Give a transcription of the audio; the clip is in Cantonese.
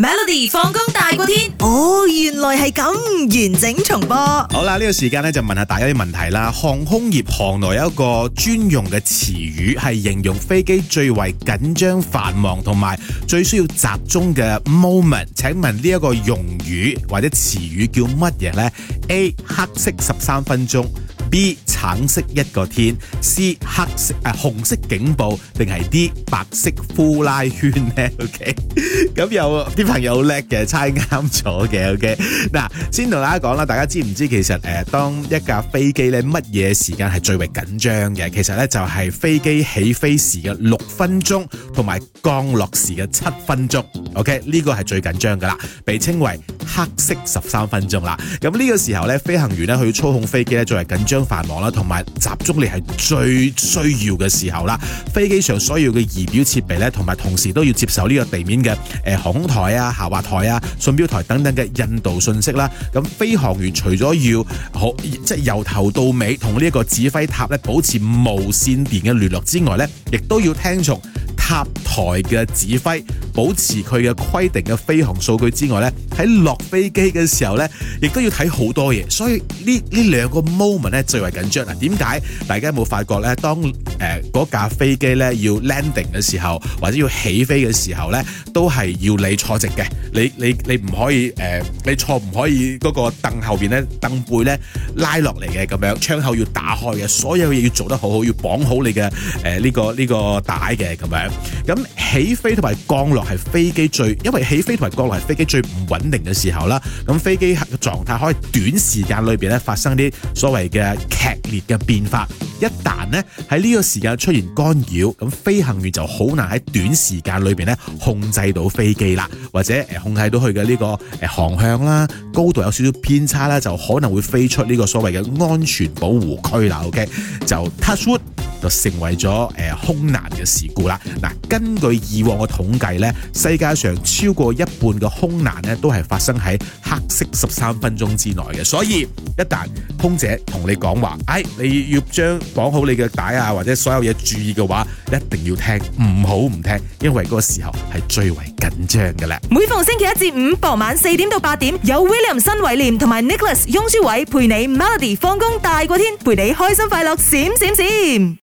Melody 放工大過天，哦，原來係咁，完整重播。好啦，呢個時間咧就問下大家啲問題啦。航空業行內有一個專用嘅詞語，係形容飛機最為緊張、繁忙同埋最需要集中嘅 moment。請問呢一個用語或者詞語叫乜嘢呢？A 黑色十三分鐘。B 橙色一個天，C 黑色誒、呃、紅色警報，定係 D 白色呼拉圈呢？OK，咁有啲朋友叻嘅，猜啱咗嘅。OK，嗱， 先同大家講啦，大家知唔知其實誒、呃，當一架飛機咧，乜嘢時間係最為緊張嘅？其實咧就係、是、飛機起飛時嘅六分鐘，同埋降落時嘅七分鐘。OK，呢個係最緊張㗎喇，被稱為。黑色十三分鐘啦，咁呢個時候呢，飛行員呢去操控飛機呢，作為緊張繁忙啦，同埋集中力係最需要嘅時候啦。飛機上所有嘅儀表設備呢，同埋同時都要接受呢個地面嘅誒航空台啊、下滑台啊、信標台等等嘅印度信息啦。咁飛行員除咗要好，即係由頭到尾同呢個指揮塔呢保持無線電嘅聯絡之外呢，亦都要聽從塔台嘅指揮。保持佢嘅規定嘅飛行數據之外咧，喺落飛機嘅時候咧，亦都要睇好多嘢，所以呢呢兩個 moment 咧最為緊張啊！點解大家有冇發覺咧？當誒嗰架飛機咧要 landing 嘅時候，或者要起飛嘅時候咧，都係要你坐直嘅，你你你唔可以誒，你坐唔可以嗰個凳後邊咧，凳背咧拉落嚟嘅咁樣，窗口要打開嘅，所有嘢要做得好好，要綁好你嘅誒呢個呢個帶嘅咁樣。咁起飛同埋降落。係飛機最，因為起飛同埋降落係飛機最唔穩定嘅時候啦。咁飛機嘅狀態可以短時間裏邊咧發生啲所謂嘅劇烈嘅變化。一旦呢喺呢個時間出現干擾，咁飛行員就好難喺短時間裏邊咧控制到飛機啦，或者誒控制到佢嘅呢個誒航向啦、高度有少少偏差啦，就可能會飛出呢個所謂嘅安全保護區啦。OK，就 touch wood 就成為咗誒空難嘅事故啦！嗱，根據以往嘅統計呢，世界上超過一半嘅空難呢都係發生喺黑色十三分鐘之內嘅，所以一旦空姐同你講話，哎，你要將綁好你嘅帶啊，或者所有嘢注意嘅話，一定要聽，唔好唔聽，因為嗰個時候係最為緊張嘅啦。每逢星期一至五傍晚四點到八點，有 William 新、新威廉同埋 Nicholas、雍舒偉陪你 Melody 放工大過天，陪你開心快樂閃閃閃。